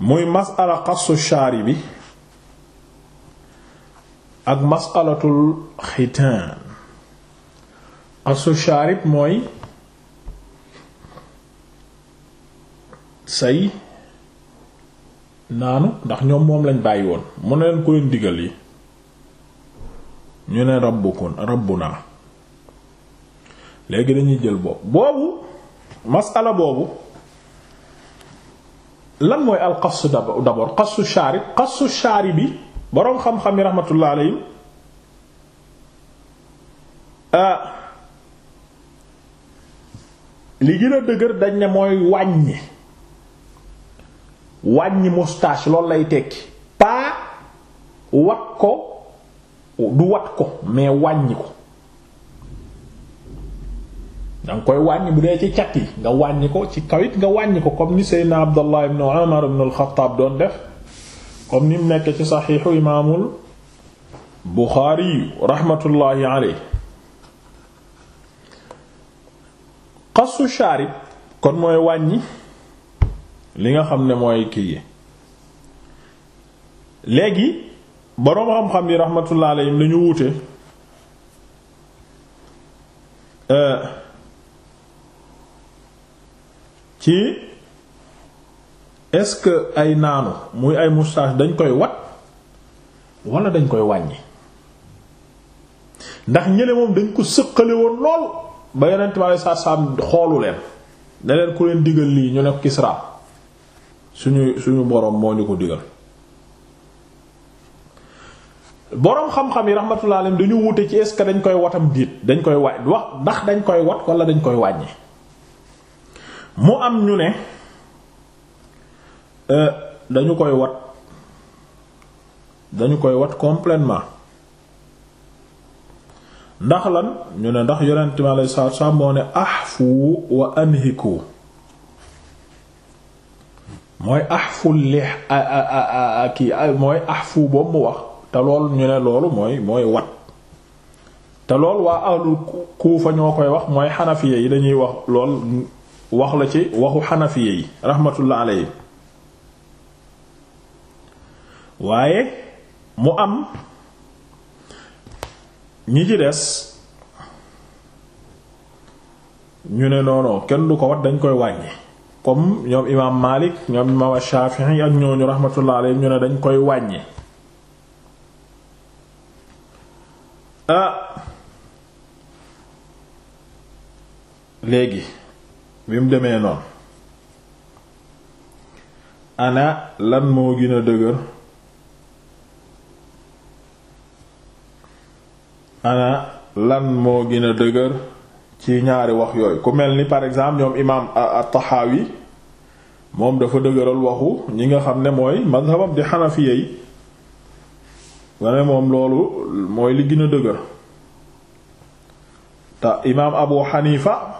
muy masala xasu shaari bi ak masalatul xitaan xasu shaarib mooy say naanu ndax ñoom moom lañ bàyyi woon mu ne leen ku leen digal yi ñu ne rabbukun rabbuna léegi dañuy jël boobu boobu masala boobu lan mooy al qassu d'abord qassu shaarib qassu shaarib bi boroom xam-xam yi rahmatullah alayhim euh, li gën a dëgër dañ ne mooy wàññi wàññi moustache loolu lay tekki pas wat ko du wat ko mais wàññi ko da nga koy wàññi bu dee ci cat yi nga wàññi ko ci kawit nga wàññi ko comme ni seydna abdallah ibn umar ibn al-xattaab doon def comme ni mu nekk ci saxiixu imaamul buxaari rahmatullahi alayhi xasu shaarib kon mooy wàññi li nga xam ne mooy kii léegi boroom xam-xam yi rahmatullahi alayhim dañu wute euh, ci est-ce que ay naanu muy ay moustache dañ koy wat wala dañ koy wàññi ndax ñële moom dañ ko sëqale lool ba yeneen ma lay saa saam xoolu leen ne ku leen digal lii ñu ne ko Kisra suñu suñu boroom moo ñu ko digal boroom xam-xam yi rahmatullah alayhim dañu wute ci est-ce que dañ koy watam diit dañ koy wàññi wax ndax dañ koy wat wala dañ koy wàññi mu am ñu ne euh, dañu koy wat dañu koy wat complètement ndax lan ñu ne ndax yonent mi alayhi salaatu salaam moo ne ahfu wa anhiku mooy ahfu li kii mooy ahfu boobu mu wax te loolu ñu ne loolu mooy mooy wat te loolu waa ahlul Kuufa ñoo koy wax mooy xanafiya yi dañuy wax lool wax la ci waxu xanafiya yi rahmatullah alayhi waaye mu am ñi ci des ñu ne noonoo kenn du ko wat dañ koy wàññi comme ñoom imaam Maalik ñoom imaam Shaafi'i ak ñooñu rahmatullah alayhi ñu ne dañ koy wàññi ah léegi bi mu demee noonu ana lan moo gën dëgër ana lan moo gën a dëgër ci ñaari wax yooyu ku mel ni par exemple ñoom imaam at-Tahawi moom dafa dëgëral waxu ñi nga xam ne mooy mazhabam di Hanafiya yi nga ne moom loolu mooy li gën dëgër te imaam Abu Hanifa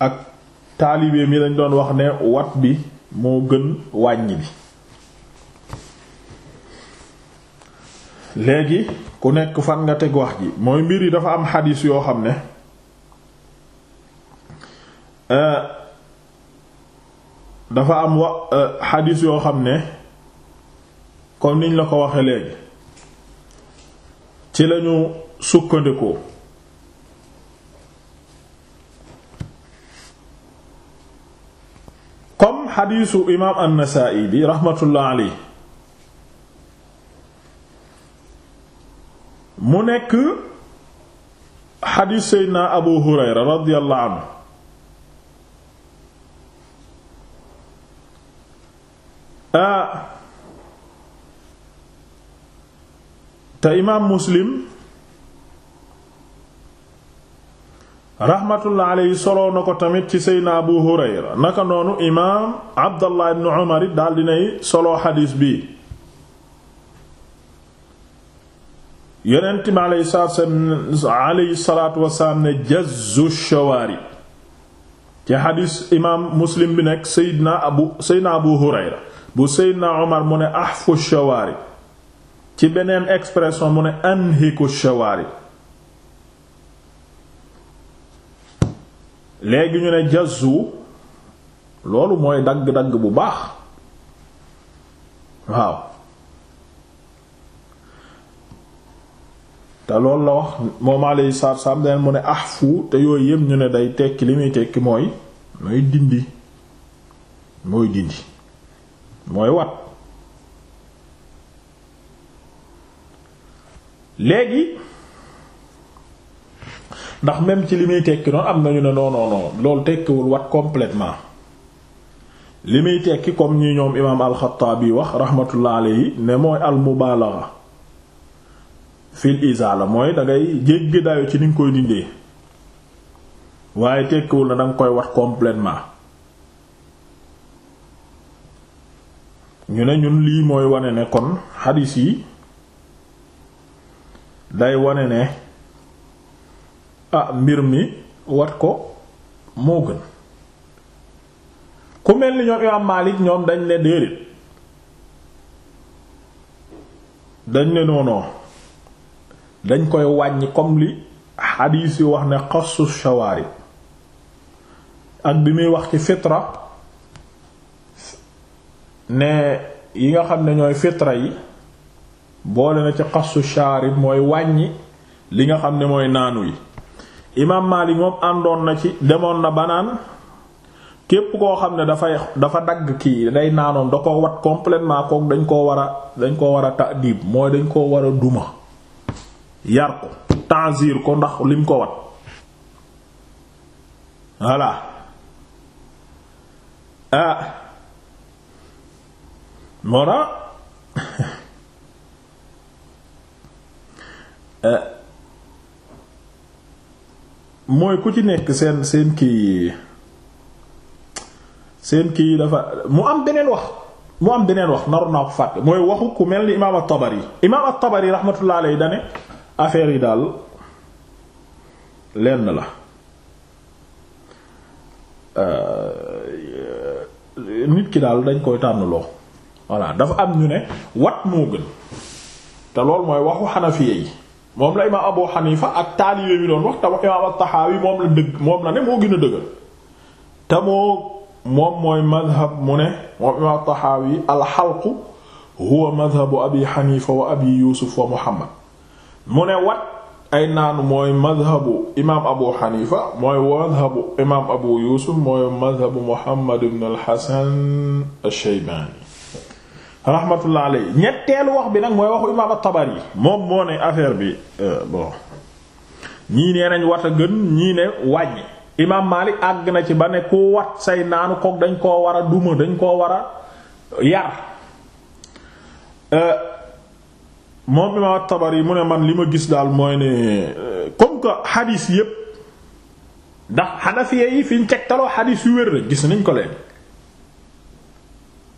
ak taalibe mi dañ doon wax ne wat bi moo gën wàññi bi léegi ku nekk fan nga teg wax ji mooy mbir yi dafa am xadiis yoo xam ne euh, dafa am wax euh, yoo xam ne comme niñ la ko waxe léegi ci lañu sukkandikoo comme xadiisu imaam an-Nasaa'i bi raxmatullah alayhi mu nekk xadiis seydna Abu Hurayra radiyallahu anhu a ah. te imaam Muslim rahmatullah alayhi soloo na ko tamit ci seydna abu hurayra naka noonu imaam abdallah ibn umar it daal dinay soloo xadiis bi yonent mi alayhi salaatu wasalaam ne jazzu shawaari ci xadiis imaam muslim bi nekk seydna abu seydna abu hurayra bu seydna umar mu ne ahfu shawaari ci beneen expression mu ne anhiku shawaari léegi ñu ne jazzu loolu mooy dagg-dagg bu baax waaw te loolu la wax moom alayhi salaatu salaam deen mu ne ahfu te yooyu yëpp ñu ne day tekki li muy tekki mooy mooy dindi mooy dindi mooy wat léegi ndax même ci li muy tekki noonu am nañu ne non non tekkiwul wat complètement li muy tekki comme ñi ñoom imaam alxataabi wax rahmatullah alayhi ne mooy al mubaalaxa fil izaala mooy dangay jéggi dayo ci ni koy dindee waaye tekkiwul na danga koy wat complètement ñu ne ñun lii mooy wane ne kon xadiis yi day wane ne ah mbir mi wat ko moo gën ku mel ni ñoom imaam Maalik ñoom dañ ne déedéet dañ ne noonoo dañ koy wàññi comme li xadiis yi wax ne xasu shawaarib ak bi muy wax ci fitra ne yi nga xam ne ñooy fitra yi boole na ci xasu shaarib mooy wàññi li nga xam ne mooy naanu yi imaam Maalik moom àndoon na ci demoon na banaan képp koo xam ne dafay dafa dagg kii day naanoon da ko wat complètement kook dañ koo war a dañ koo war a ta'dib mooy dañ koo war a duma yar ko tanzir ko ndax lim ko wat voilà ah moo eh, mooy ku ci nekk seen seen kii seen kii yi dafa mu am beneen wax mu am beneen wax naroon naa ko fàtte mooy waxu ku mel ni imaam at-Tabari imaam at-Tabari rahmatullah alayhi dane affaire yi daal lenn la euh, nit ki daal dañ koy tànnloo voilà dafa am ñu ne wat moo gën te loolu mooy waxu Hanafiya yi moom la imaam Abu Hanifa ak taalibe bi doon wax tam imaam at-Tahawi moom la dëgg moom la ne moo gën a dëgër te moom mooy madhab mu ne moom imaam at-Tahawi mooy madhabu imaam Abu Hanifa mooy madhabu imaam Abu Yusuf mooy al-Hasan rahmatullah alayhi ñetteelu wax bi nag mooy waxu imaam at-Tabari moom moo ne affaire bi euh, bon ñii nee nañ wat a gën ñii ne wàññi imaam Maalik àgg na ci ba ne ku wat say naanu kook dañ koo war a duma dañ koo war a yar euh, moom imaam at-Tabari mu ne man li ma gis daal mooy ne euh, comme que xadiis yépp ndax Hanafiya yi fi ñu tegtaloo xadiis yu wér rek gis nañ ko leen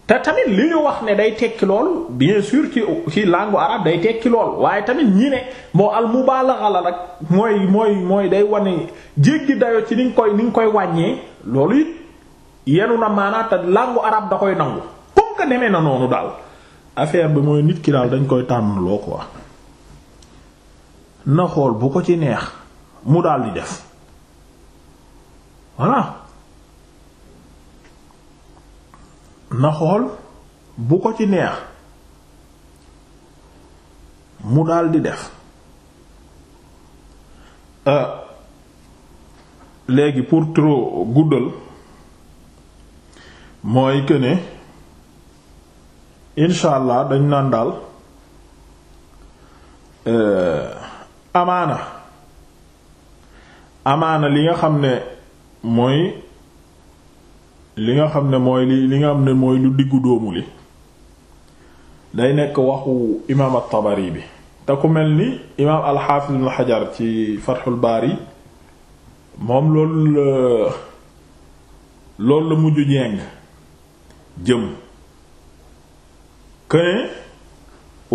te tamit li ñu wax ne day tekki lool bien sûr ci ci langue day tekki lool waaye tamit ñi ne moo al mubalagha la rek mooy mooy mooy day wane jéggi dayo ci ni nga koy ni koy wàññee loolu it yenu na maanaata langue arabe da koy nangu comme que na noonu daal affaire bi mooy nit ki daal dañ koy tànn loo ko wax na xool bu ko ci neex mu daal di def na xool bu ko ci neex mu daldi def euh, léegi pour trop guddal mooy que ne incha allah dañ naan daal euh, amaana amaana li nga xam ne mooy li nga xam ne mooy li li nga xam ne mooy lu diggu dóomu li day nekk waxu imaam at-Tabari bi te ku mel ni imaam al-Hafiz ibn Hajar ci Fathul Bari moom loolu la loolu la mujj jeng jëm këne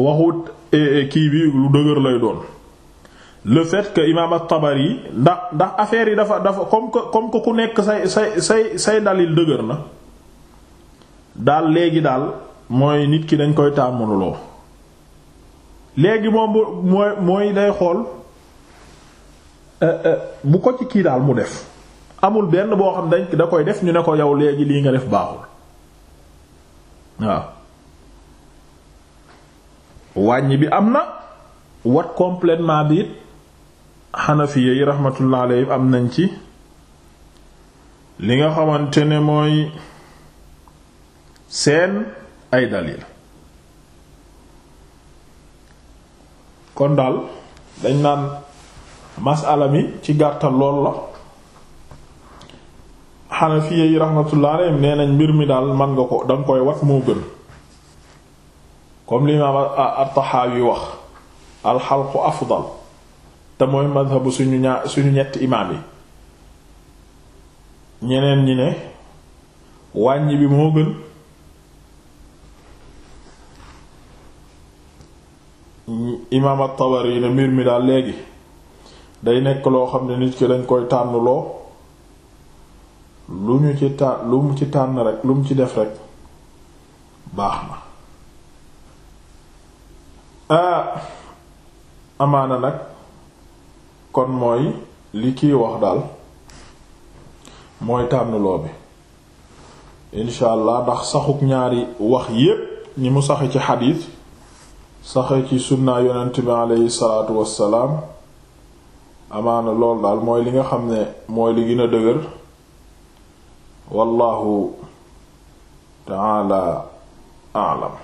waxut eh, eh, kii bi lu dëgër lay doon le fait que imaam tabari ndax ndax affaire yi dafa dafa comme que ku nekk say say say say dalil dëgër na daal léegi daal mooy nit ki dañ koy tàmmaloo léegi moom mooy mooy day xool euh, euh, bu ko ci kii daal mu def amul benn boo xam dañ da koy def ñu ne ko yow léegi lii nga def baaxul waaw wàññi bi am na wat complètement bi xanafiya yi raxmatullah am nañ ci li nga xamante ne mooy seen ay dalil kon daal dañ naan masala mi ci gàttal lool la xanafiya yi raxmatullah alayhim nee nañ mbir mi daal man nga ko danga koy wat moo gën comme l'imam at-Tahawi wax alxalqu afdal te mooy madhabu suñu ñaar ñetti imaam yi ñeneen ñi ne wàññi bi moo gën imaam at-Tabari ne mbir mi daal léegi day nekk loo xam ne nit ki dañ koy tànnloo lu ñu ci tànn rek lu mu ci def rek baax na ah, amaana nag kon mooy li kii wax daal mooy tànnuloo bi incha allah ndax saxuk ñaari wax yépp ñi mu saxe ci xadiis saxe ci sunnaa yonent bi aleyhi salaatu wassalaam amaana lool daal mooy li nga xam ne mooy li gën dëgër wallahu taala alam